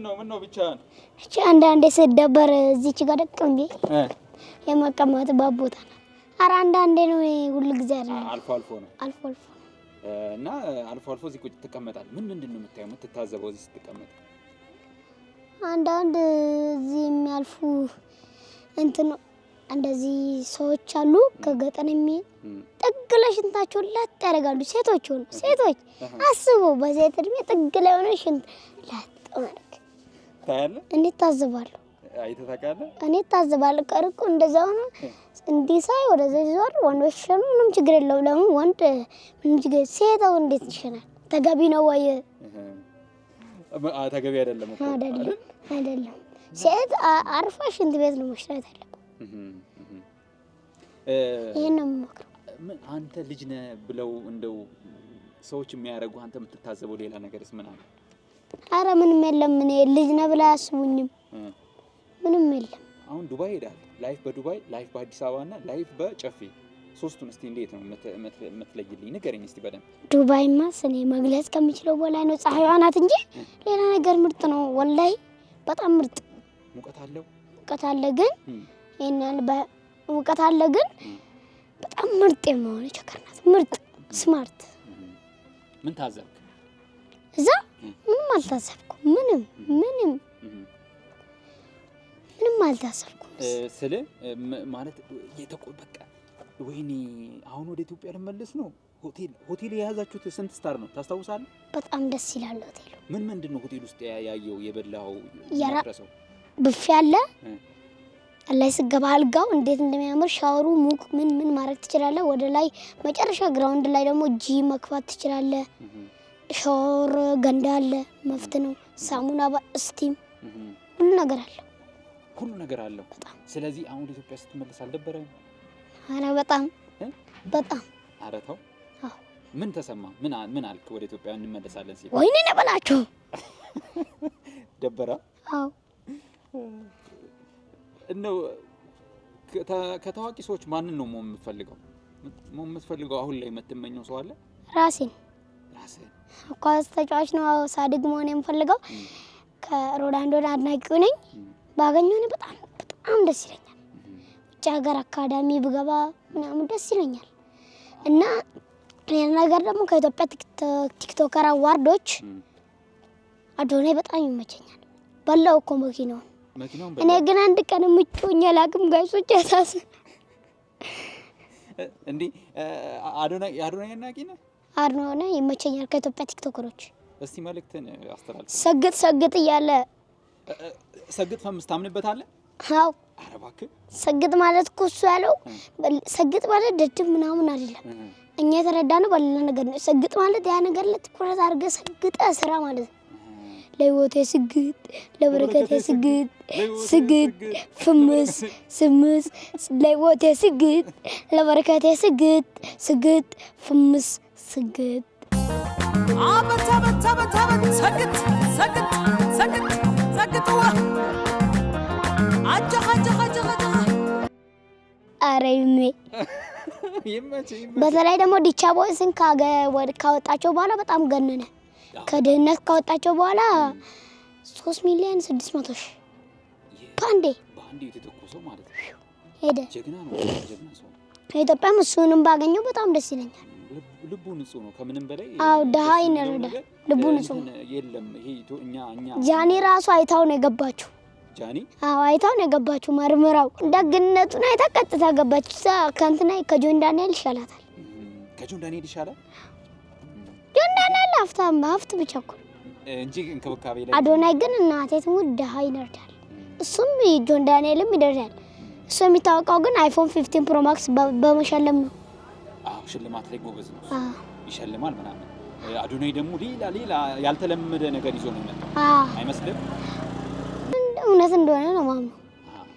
ምንድን ነው? ምነው ብቻህን? እቺ አንዳንዴ ስደበር እዚች ጋር ደቅ እንጂ የመቀመጥባት ቦታ ነው። አንዳንዴ ነው፣ ሁሉ ጊዜ አይደለም። አልፎ አልፎ ነው። አልፎ አልፎ እና አልፎ አልፎ እዚህ ቁጭ ትቀመጣለህ። ምን ምንድን ነው የምታየው የምትታዘበው እዚህ ስትቀመጥ? አንዳንድ እዚህ የሚያልፉ እንትን እንደዚህ ሰዎች አሉ ከገጠር የሚሄድ ጥግ ላይ ሽንታቸውን ላጥ ያደርጋሉ። ሴቶች ሆኑ ሴቶች አስቡ፣ በሴት እድሜ ጥግ ላይ ሆነ ሽንት ላጥ ታያለህ? እኔ ታዝባለሁ። አይተህ ታውቃለህ? እኔ ታዝባለሁ። ቀርቁ እንደዛ ሆኖ እንዲህ ሳይ ወደዛ ሲዞር ወንዶች ሲሸኑ ምንም ችግር የለውም። ለምን ወንድ ምንም ችግር ሴተው እንዴት ይሸናል? ተገቢ ነው ወይ? ተገቢ አይደለም እኮ አይደለም፣ አይደለም። ሴት አርፋ ሽንት ቤት ነው መሽናት ያለበት። ይሄን ነው የምመክረው። አንተ ልጅ ነህ ብለው እንደው ሰዎች የሚያደርጉ አንተ የምትታዘበው ሌላ ነገርስ ምን አለ? አረ ምንም የለም። ምን ልጅ ነህ ብላ አያስቡኝም። ምንም የለም። አሁን ዱባይ ሄዳል። ላይፍ በዱባይ ላይፍ በአዲስ አበባ እና ላይፍ በጨፌ ሶስቱን እስቲ እንዴት ነው የምትለይልኝ? ንገረኝ እስቲ በደንብ። ዱባይማ ስኔ መግለጽ ከምችለው በላይ ነው። ፀሐይዋ ናት እንጂ ሌላ ነገር ምርጥ ነው። ወላይ በጣም ምርጥ ሙቀት አለው። ሙቀት አለ ግን ይሄን ያህል ሙቀት አለ ግን በጣም ምርጥ የመሆነች ሀገር ምርጥ ስማርት ምን ታዘብክ እዛ አልታሰብኩም። ምንም ምንም ምንም አልታሰብኩም። ስለ ማለት የተቆ በቃ ወይኔ አሁን ወደ ኢትዮጵያ ልመለስ ነው። ሆቴል ሆቴል የያዛችሁት ስንት ስታር ነው ታስታውሳለህ? በጣም ደስ ይላል ሆቴሉ። ምን ምንድን ነው ሆቴል ውስጥ ያየው የበላው? ያረሰው ብፌ አለ ላይ ስገባ አልጋው እንዴት እንደሚያምር ሻወሩ ሙቅ ምን ምን ማድረግ ትችላለህ። ወደ ላይ መጨረሻ ግራውንድ ላይ ደግሞ ጂ መክፋት ትችላለህ። ሻወር ገንዳ አለ፣ መፍት ነው፣ ሳሙና፣ እስቲም ሁሉ ነገር አለው። ሁሉ ነገር አለው። ስለዚህ አሁን ኢትዮጵያ ስትመለስ አልደበረ አረ በጣም በጣም አረ ተው። ምን ተሰማ? ምን ምን አልክ? ወደ ኢትዮጵያ እንመለሳለን ሲል ወይኔ ነበላችሁ ደበረ? አዎ እንደው ከታዋቂ ሰዎች ማንን ነው መሆን የምትፈልገው? የምትፈልገው አሁን ላይ የምትመኘው ሰው አለ? ራሴን ኳስ ተጫዋች ነው ሳድግ መሆን የምፈልገው። ከሮናልዶን አድናቂው ነኝ። ባገኘሆነ በጣም በጣም ደስ ይለኛል። ውጭ ሀገር አካዳሚ ብገባ ምናምን ደስ ይለኛል እና ሌላ ነገር ደግሞ ከኢትዮጵያ ቲክቶከር አዋርዶች አዶናይ በጣም ይመቸኛል። በላው እኮ መኪናውን እኔ ግን አንድ ቀን ምጮኛ ላቅም ጋይሶች ያሳስ እንዴ አዶናይ አዶናይ አድናቂ ነህ? አር ነው ሆነ ይመቸኛል። ከኢትዮጵያ ቲክቶከሮች እስቲ መልእክትን አስተላልፍ። ሰግጥ ሰግጥ እያለ ሰግጥ ፈምስ ታምንበታለህ? አዎ። ኧረ እባክህ ሰግጥ ማለት እኮ እሱ ያለው ሰግጥ ማለት ደድብ ምናምን አይደለም። እኛ የተረዳነው በሌላ ነገር ነው። ሰግጥ ማለት ያ ነገር ለትኩረት ትኩረት አድርገህ ሰግጠህ ስራ ማለት ነው። ለህይወቴ ስግጥ፣ ለበረከቴ ስግጥ፣ ስግጥ ፍምስ ስምስ ለህይወቴ ስግጥ፣ ለበረከቴ ስግጥ፣ ስግጥ ፍምስ ስግጥ አበተበተበተበት ሰግጥ ሰግጥ ሰግጥ አረ ይሜ በተለይ ደግሞ ዲቻ ቦይስን ካወጣቸው በኋላ በጣም ገነነ። ከድህነት ካወጣቸው በኋላ ሶስት ሚሊዮን ስድስት መቶ ሺህ ባንዴ ሄደ። ኢትዮጵያም እሱንም ባገኘው በጣም ደስ ይለኛል። ልቡ ንጹህ ነው፣ ከምንም በላይ አዎ፣ ደሃ ይነረዳል። ልቡ ንጹህ ነው። የለም ይሄ እኛ እኛ ጃኒ ራሱ አይታው ነው የገባችው። ጃኒ አዎ፣ አይታው ነው የገባችው። መርምራው ደግነቱን አይታ ቀጥታ ገባች። ከእንትና ከጆን ዳንኤል ይሻላታል። ከጆን ዳንኤል ይሻላል። ሀብታም በሀብት ብቻ እኮ እንጂ እንክብካቤ ላይ አዶናይ ግን እናቴ ትሙት ድሃ ይደርዳል። እሱም ጆን ዳንኤልም ይደርዳል። እሱ የሚታወቀው ግን አይፎን 15 ፕሮ ማክስ በመሸለም ነው። አዎ ሽልማት ላይ ጎበዝ ነው፣ ይሸልማል ምናምን። አዶናይ ደግሞ ሌላ ሌላ ያልተለመደ ነገር ይዞ ነው የሚመጣው አይመስልም? እውነት እንደሆነ ነው ማምነው።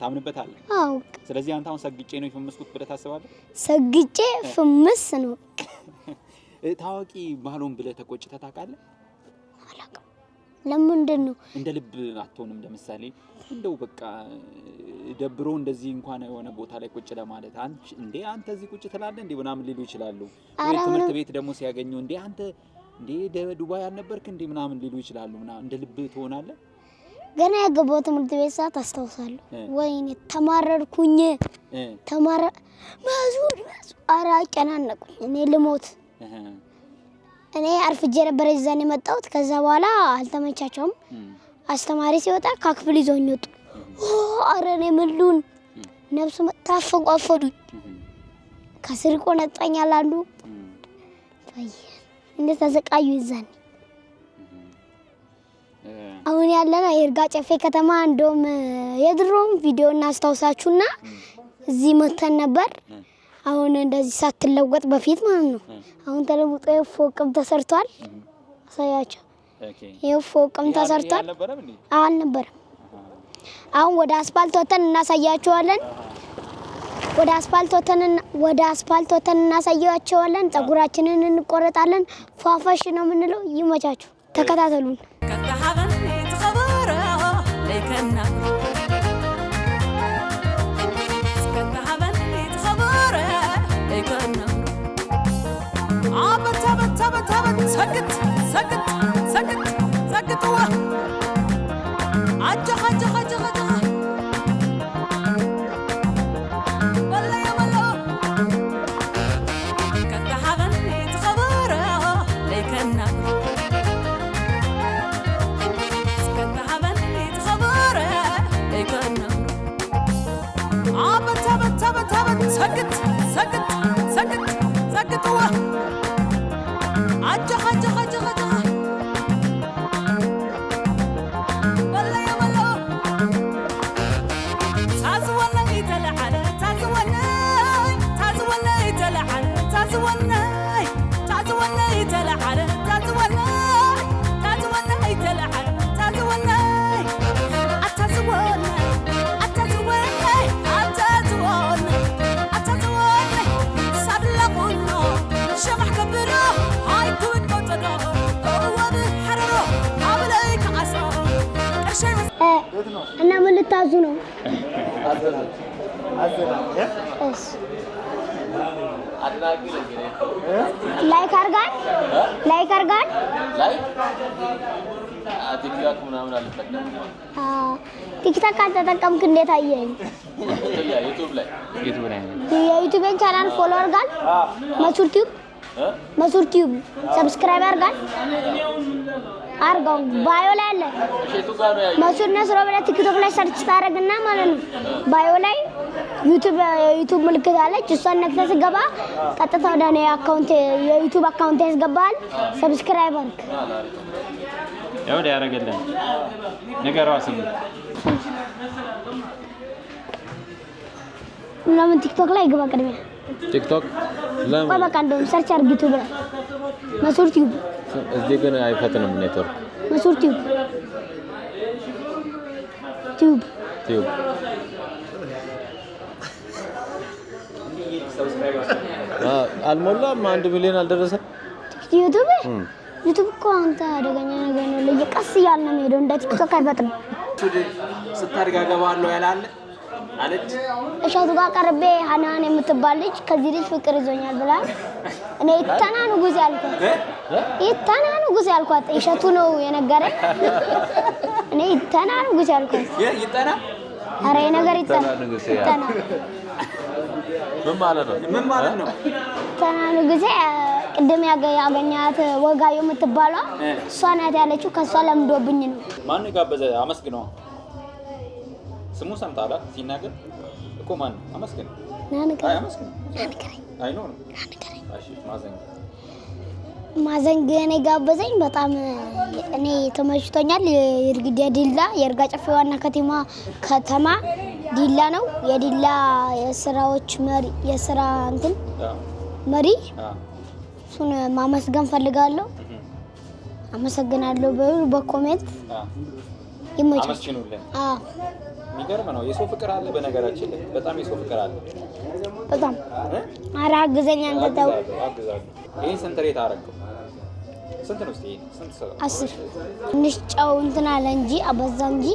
ታምንበታለህ? አዎ። ስለዚህ አንተ አሁን ሰግጬ ነው የፈመስኩት ብለህ ታስባለህ? ሰግጬ ፍምስ ነው ታዋቂ ባልሆን ብለህ ተቆጭተህ ታውቃለህ? አላውቅም። ለምንድን ነው እንደ ልብ አትሆንም? ለምሳሌ እንደው በቃ ደብሮ እንደዚህ እንኳን የሆነ ቦታ ላይ ቁጭ ለማለት አንቺ እንዴ አንተ እዚህ ቁጭ ትላለህ እንዴ ምናምን ሊሉ ይችላሉ። ትምህርት ቤት ደግሞ ሲያገኙ እንዴ አንተ እንዴ ዱባይ አልነበርክ እንዴ ምናምን ሊሉ ይችላሉ። ምና እንደ ልብ ትሆናለህ? ገና ያገባው ትምህርት ቤት ሰዓት አስታውሳለሁ። ወይኔ ተማረርኩኝ። ተማረ ማዙር አራ አጨናነቁኝ እኔ ልሞት እኔ አርፍጄ ነበረ ዛን የመጣሁት። ከዛ በኋላ አልተመቻቸውም። አስተማሪ ሲወጣ ከክፍል ይዘውኝ ወጡ። አረ እኔ ምሉን ነብሱ ታፈንቋፈዱኝ። ከስር ቆነጣኛል አንዱ እንዴት ተሰቃዩ ይዛን አሁን ያለነው የእርጋ ጨፌ ከተማ እንደውም የድሮም ቪዲዮ እናስታውሳችሁና እዚህ መተን ነበር። አሁን እንደዚህ ሳትለወጥ በፊት ማለት ነው። አሁን ተለውጦ ፎቅም ተሰርቷል። አሳያቸው። ይህ ፎቅም ተሰርቷል አልነበረም። አሁን ወደ አስፋልት ወተን እናሳያቸዋለን። ወደ አስፋልት ወተን ወደ አስፋልት ወተን እናሳያቸዋለን። ጸጉራችንን እንቆረጣለን። ፏፈሽ ነው የምንለው። ይመቻችሁ፣ ተከታተሉን። سكت سكت سكت سكت هو عجخ عجخ عجخ عجخ والله يا والله كنت حغني تخبره ليك النار كنت حغني تخبره ليك النار عبت عبت عبت عبت سكت እና ምን ልታዙ ነው? ላይክ አርጋን ላይክ አርጋን ቲክታክ ምናምን አልጠቀምም። ቲክታክ አልተጠቀምክ እንዴት አየኸኝ? የዩቲዩብ ቻናል ፎሎ መቹር ቲዩብ መሱር ቲዩብ ሰብስክራይብ አርጋል አርጋው ባዮ ላይ አለ። መሱር ነስሮ ብለህ ቲክቶክ ላይ ሰርች ታደርግና ማለት ነው። ባዮ ላይ ዩቲዩብ ዩቲዩብ ምልክት አለች። እሷን ነክተህ ስገባ ቀጥታ ወደ እኔ አካውንት የዩቲዩብ አካውንት ያስገባል። ሰብስክራይብ አርግ። ያው ያደረገልን ንገረዋ ስም ምናምን ቲክቶክ ላይ ግባ ቅድሚያ ቲክቶክ አበቃለሁ። ሰርች አድርግ ዩቲዩብ ላይ መሱር ቲዩብ። እዚህ ግን አይፈጥንም ኔትወርክ። መሱር ቲዩብ ቲዩብ ቲዩብ አልሞላም። አንድ ሚሊዮን አልደረሰ ዩቲዩብ ዩቲዩብ እኮ አንተ አደገኛ ነገር ነው። ቀስ እያልን ነው የሚሄደው። እንደ ቲክቶክ አይፈጥንም። ስታድግ አገባለሁ ያላለ አለች። እሸቱ ጋር ቀርቤ ሀናን የምትባል ልጅ ከዚህ ልጅ ፍቅር ይዞኛል ብላ እኔ ይተና ንጉስ ያልኳት ይተና ንጉስ ያልኳት እሸቱ ነው የነገረኝ። እኔ ይተና ንጉስ ያልኳት ይተና አረ ነገር ይተና ምን ማለት ነው? ምን ማለት ነው? ይተና ንጉሴ ቅድም ያገኛት ወጋዩ የምትባሏ እሷ ናት ያለችው። ከእሷ ለምዶብኝ ነው። ማን ጋበዘ? አመስግነው ስሙ ሰምታ አላት። ሲናገር እኮ ማን አመስግን አይኖርም ማዘንገን የጋበዘኝ በጣም እኔ ተመችቶኛል። ዲላ የእርጋ ጨፌ ዋና ከተማ ከተማ ዲላ ነው። የዲላ የስራዎች መሪ የስራ እንትን መሪ እሱን ማመስገን ፈልጋለሁ። አመሰግናለሁ በኮሜንት ይመቻል። የሚገርም ነው። የሰው ፍቅር አለ። በነገራችን ላይ በጣም የሰው ፍቅር አለ። በጣም ኧረ አግዘኛ አንተ ተው። ይሄን ስንት ሬት አደረገው? ስንት ነው አስር ትንሽ ጨው እንትን አለ እንጂ አበዛ እንጂ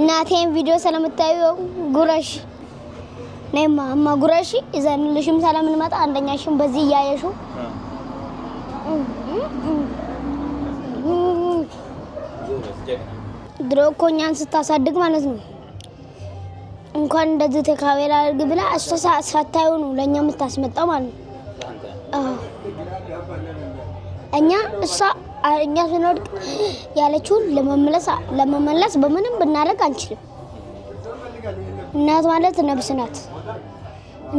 እናቴን ቪዲዮ ስለምታዩ ጉረሽ ጉረሽ ይዘንልሽም ስለምንመጣ በዚህ እያየሹ ድሮ እኮ እኛን ስታሳድግ ማለት ነው እንኳን እንደዚህ ተካቤላ አድርግ ብላ እሷ ሳታዩ ነው ለእኛ የምታስመጣው ማለት ነው። እኛ እሷ እኛ ስንወድቅ ያለችውን ለመመለስ በምንም ብናደርግ አንችልም። እናት ማለት ነብስ ናት።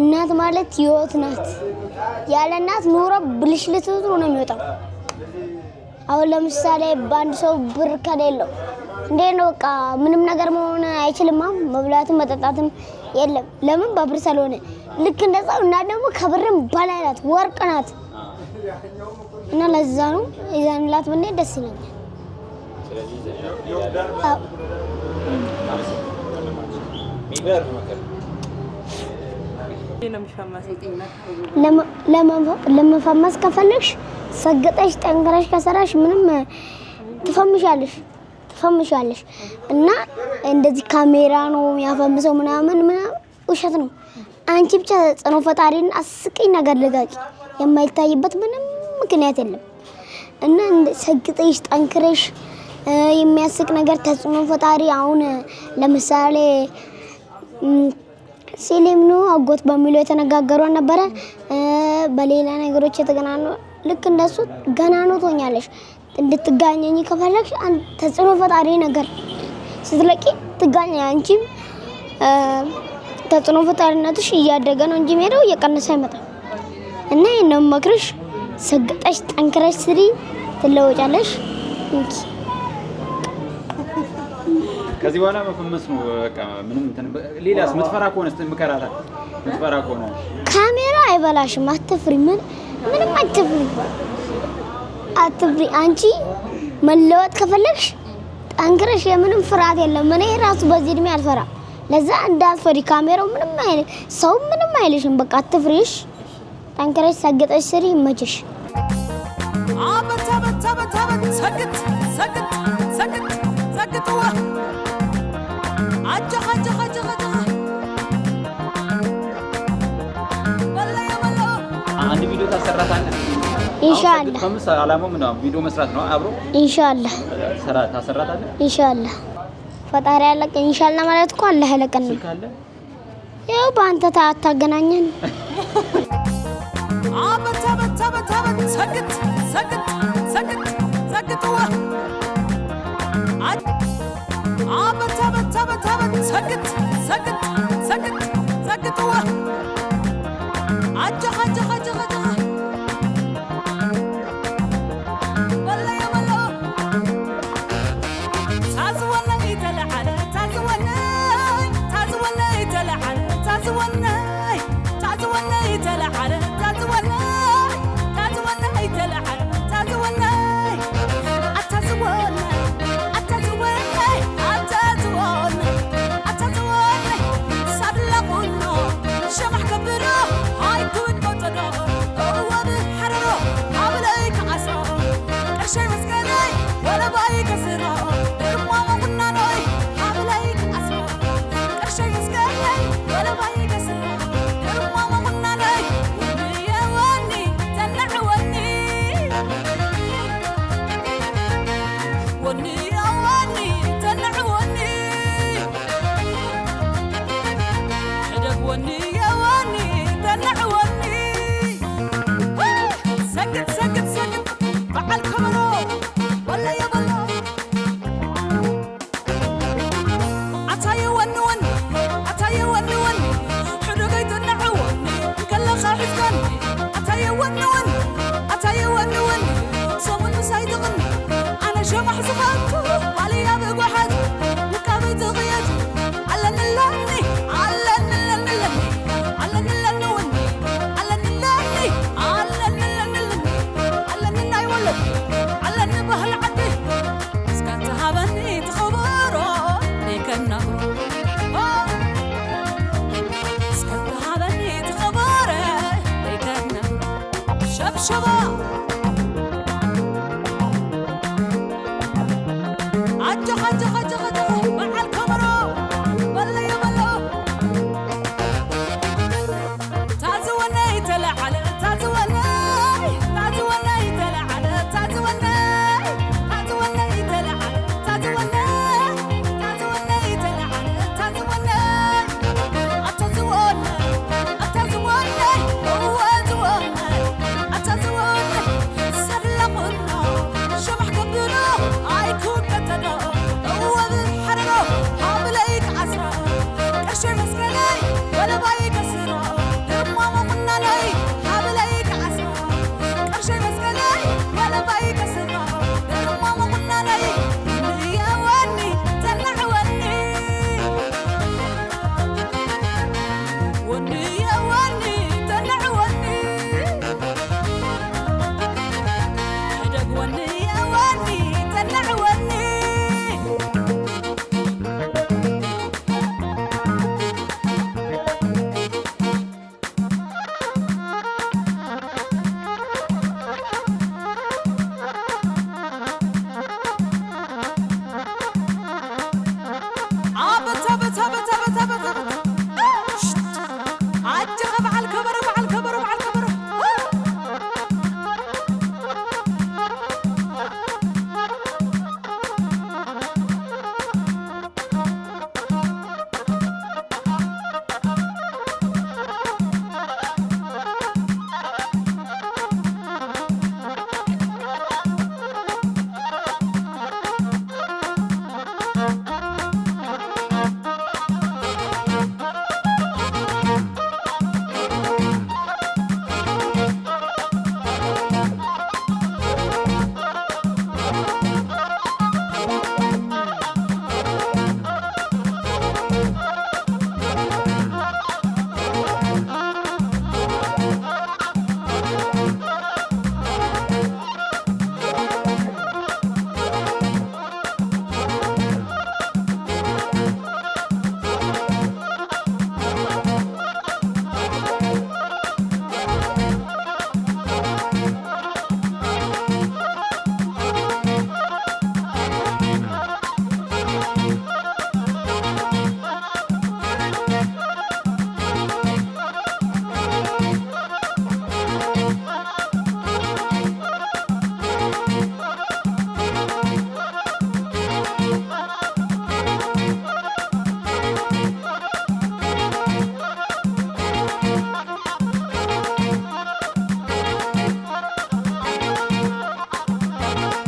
እናት ማለት ህይወት ናት። ያለ እናት ኑሮ ብልሽልት ነው የሚወጣው። አሁን ለምሳሌ በአንድ ሰው ብር ከሌለው እንዴት ነው? በቃ ምንም ነገር መሆን አይችልማ። መብላትም መጠጣትም የለም። ለምን? በብር ስለሆነ ልክ እንደዛው እና ደግሞ ከብርም በላይ ናት፣ ወርቅ ናት። እና ለዛ ነው ይዘንላት ብንሄድ ደስ ይለኛል። ለመፈመስ ከፈለግሽ ሰግጠሽ ጠንክረሽ ከሰራሽ ምንም ትፈምሻለሽ። ትፈምሻለሽ እና እንደዚህ ካሜራ ነው የሚያፈምሰው ምናምን ምናምን ውሸት ነው። አንቺ ብቻ ጽኖ ፈጣሪን አስቂኝ ነገር ልጋቂ የማይታይበት ምንም ምክንያት የለም እና ሰግጠሽ ጠንክረሽ የሚያስቅ ነገር ተጽዕኖ ፈጣሪ አሁን ለምሳሌ ሲሊም ነው አጎት በሚለው የተነጋገሩ ነበረ። በሌላ ነገሮች የተገናኑ ልክ እንደሱ ገና ነው ትሆኛለሽ። እንድትጋኘኝ ከፈለግሽ ተጽዕኖ ፈጣሪ ነገር ስትለቂ ትጋኝ። አንቺም ተጽዕኖ ፈጣሪነትሽ እያደገ ነው እንጂ ሄደው እየቀነሰ አይመጣም። እና ይህንን መክርሽ ሰግጠሽ ጠንክረሽ ስሪ፣ ትለወጫለሽ። ከዚህ በኋላ መፈመስ ነው በቃ። ምንም እንትን ሌላስ ምትፈራ ከሆነ እስቲ ምከራታ። ምትፈራ ከሆነ ካሜራ አይበላሽም፣ አትፍሪ። ምን ምንም አትፍሪ። አትፍሪ። አንቺ መለወጥ ከፈለግሽ ጠንክረሽ የምንም ፍርሃት የለም። እኔ ራሱ በዚህ እድሜ አልፈራ። ለዛ እንዳትፈሪ። ካሜራው ምንም አይል ሰው ምንም አይልሽም። በቃ አትፍሪሽ። ጠንክረሽ ሰግጠሽ ስሪ። ይመችሽ። ሰግጥ ኢንሻአላህ። ከምስ አላማው ምን ነው? ቪዲዮ መስራት ነው አብሮ ኢንሻአላህ። ሰራ ታሰራታለህ ኢንሻአላህ። ፈጣሪ ያለቀ ኢንሻአላህ ማለት እኮ አላህ ያለቀን ነው። ያው በአንተ ታታገናኘን አበታ በታ በታ ሰግጥ ሰግጥ ሰግጥ ሰግጥዋ አበታ በታ በታ ሰግጥ ሰግጥ ሰግጥ ሰግጥዋ one new